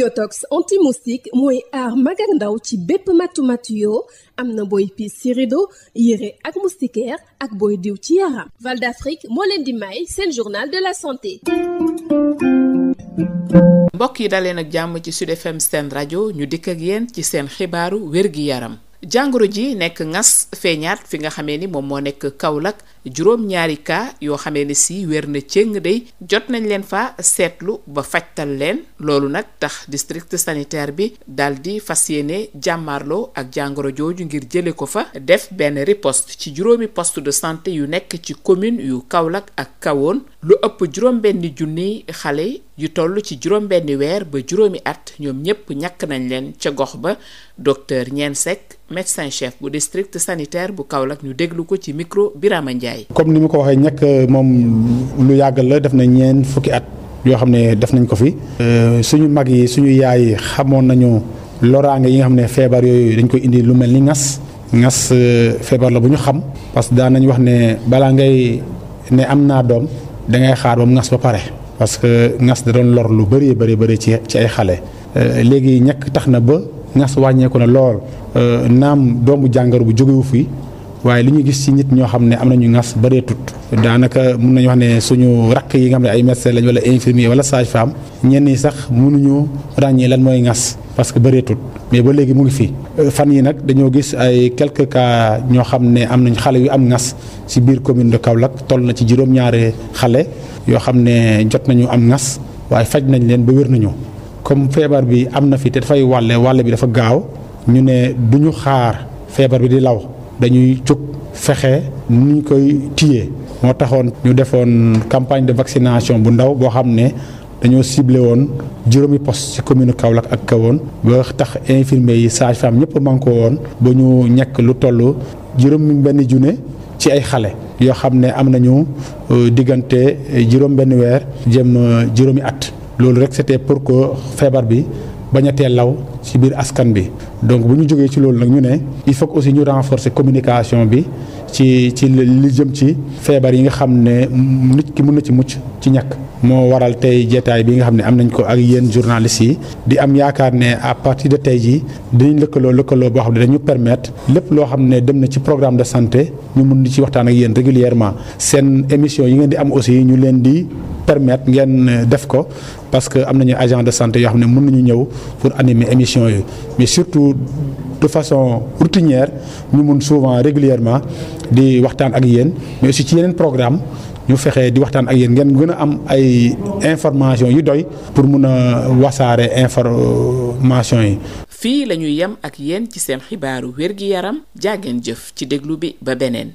yotox anti-moustique mooy aar mag ak ndaw ci bépp matu-matu yoo am na booy piis ci rideau yére ak moustiquaire ak booy diw ci yaram Val d'Afrique moo leen di may seen journal de la santé mbokk yi daleen ak jàmm ci Sud FM seen rajo ñu dikk ak yéen ci seen xibaaru wér gi yaram jàngoro ji nekk ngas feeñaat fi nga xamee ni moom moo nekk Kaolack juróom-ñaari cas yoo xamee ne si wér na cëng day jot nañ leen fa seetlu ba fajtal leen loolu nag tax district sanitaire bi daal di fas yéene jàmmaarloo ak jàngoro jooju ngir jële ko fa def benn riposte ci juróomi poste de santé yu nekk ci commune yu Kaolack ak Kawoon lu ëpp juróom-benni junniy xale yu toll ci juróom-benni weer ba juróomi at ñoom ñépp ñàkk nañ leen ca gox ba docteur Niene Seck médecin chef bu district sanitaire bu Kaolack ñu déglu ko ci micro Birama Ndiaye comme ni mu ko waxee ñekk euh, moom lu yàgg la def na ñeen fukki at yoo xam ne def nañ ko fi. Euh, suñu mag yi suñu yaay yi xamoon nañu loraange yi nga xam ne feebar yooyu dañ koy indi lu mel ni ngas. ngas euh, feebar la bu ñu xam. parce que daan nañ wax ne balaa ngay ne am naa doom da ngay xaar ba mu ngas ba pare. parce que ngas da doon lor lu bëree bëri bëri ci ci ay xale. léegi ñekk tax na ba ngas wàññeeku na lool naam doomu jàngoro bu jógewu fi. waaye li ñu gis ci nit ñoo xam ne am nañu ngas bëree tut daanaka mun nañu wax ne suñu rakk yi nga xam ne ay médecin lañ wala infirmier wala sage femme ñenn ñi sax mënuñu ràññee lan mooy ngas parce que bëree mais ba léegi mu ngi fi euh, fan yi nag dañoo gis ay quelques cas ñoo xam ne am nañ xale yu am ngas ci biir commune de Kaolack toll na ci juróom-ñaari xale yoo xam ne jot nañu am ngas waaye faj nañ leen ba wér nañu comme feebar bi am na fi te dafay wàlle bi dafa gaaw ñu ne duñu xaar feebar bi di law dañuy jóg fexe nu koy téye moo taxoon ñu defoon campagne de vaccination bu ndaw boo xam ne dañoo ciblé woon juróomi pos ci commune Kaolack ak kawoon ba tax infirmiers yi sages-femmes ñëpp manko woon ba ñu ñàkk lu toll juróom benn junne ci ay xale yoo xam ne am nañu euh, diggante juróom benn weer jëm euh, juróomi at loolu rek c'était pour que feebar bi bañ a law ci biir askan bi donc bu ñu jógee ci loolu nag ñu ne il faut aussi ñu renforcer communication bi ci ci li jëm ci feebar yi nga xam ne nit ki mun na ci mucc ci ñàkk moo waral tey jeetaay bi nga xam ne am nañ ko ak yéen journalistes yi di am yaakaar ne à partir de tey jii dinañ lëkkaloo lëkkaloo boo xam ne dañu permettre lépp loo xam ne dem na ci programme de santé ñu mun di ci waxtaan ak yéen régulièrement seen émission yi ngeen di am aussi ñu leen di permettre ngeen def ko parce que am nañu agent de santé yoo xam ne mun nañu ñëw pour anime émission yi mais surtout de façon routinière ñu mun souvent régulièrement di waxtaan ak yéen mais aussi ci yeneen programme ñu fexe di waxtaan ak yéen ngeen gën a am ay information yu doy pour mun a wasaare information yi. fii lañuy yem ak yéen ci seen xibaaru wér-gi-yaram jàggeen jëf ci déglu bi ba beneen.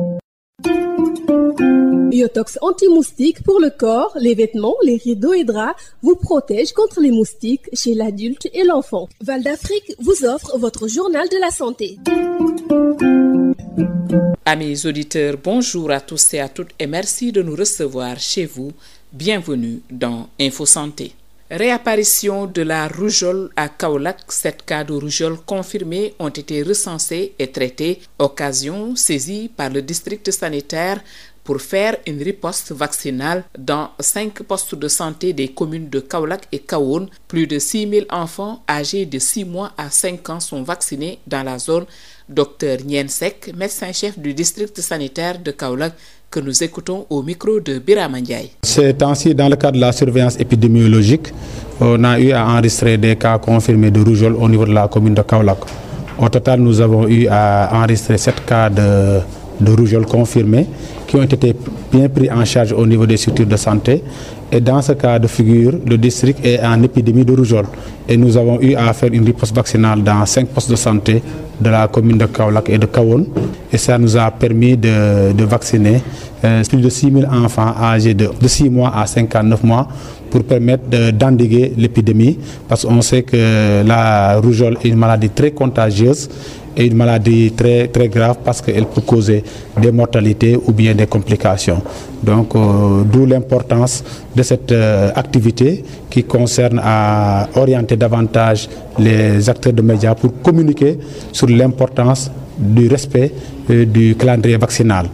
Biotox anti-moustique pour le corps, les vêtements, les rideaux et draps vous protège contre les moustiques chez l'adulte et l'enfant. Val d'Afrique vous offre votre journal de la santé. Amis auditeurs, bonjour à tous et à toutes et merci de nous recevoir chez vous. Bienvenue dans Réapparition de la rougeole à Kaolack, sept cas de rougeole confirmés ont été recensés et traités, occasion saisie par le district sanitaire pour faire une riposte vaccinale dans cinq postes de santé des communes de Kaolack et Kahone. Plus de 6000 enfants âgés de 6 mois à 5 ans sont vaccinés dans la zone. Docteur Nien Seck, médecin-chef du district sanitaire de Kaolack, que nous écoutons au micro de dans le cadre de la surveillance épidémiologique, on a eu à enregistrer des cas confirmés de rougeole au niveau de la commune de Kaolack. Au total, nous avons eu à enregistrer sept cas de de rougeole confirmés qui ont été bien pris en charge au niveau des structures de santé. Et dans ce cas de figure, le district est en épidémie de rougeole. Et nous avons eu à faire une riposte vaccinale dans cinq postes de santé de la commune de Kaolack et de Kawon. et ça nous a permis de, de vacciner euh, plus de 6 000 enfants âgés de, de 6 mois à 59 mois pour permettre d'endiguer de, l'épidémie parce qu'on sait que la rougeole est une maladie très contagieuse et une maladie très, très grave parce qu'elle peut causer des mortalités ou bien des complications. Donc, euh, d'où l'importance de cette euh, activité qui concerne à orienter davantage les acteurs de médias pour communiquer sur l'importance du respect euh, du calendrier vaccinal.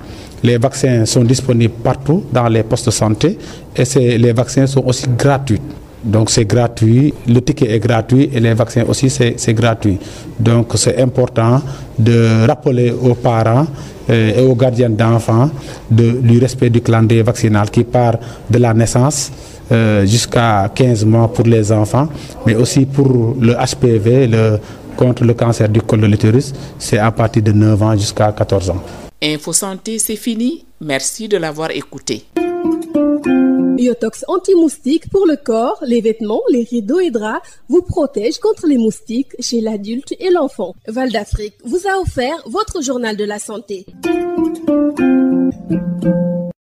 Les vaccins sont disponibles partout dans les postes de santé et les vaccins sont aussi gratuits. Donc c'est gratuit, le ticket est gratuit et les vaccins aussi c'est gratuit. Donc c'est important de rappeler aux parents euh, et aux gardiens d'enfants de, du respect du calendrier vaccinal qui part de la naissance euh, jusqu'à 15 mois pour les enfants, mais aussi pour le HPV, contre le cancer du col de l'utérus, c'est à partir de 9 ans jusqu'à 14 ans. Info Santé, c'est fini. Merci de l'avoir écouté. Biotox anti pour le corps, les vêtements, les rideaux et draps vous protège contre les moustiques chez l'adulte et l'enfant. Val d'Afrique vous a offert votre journal de la santé.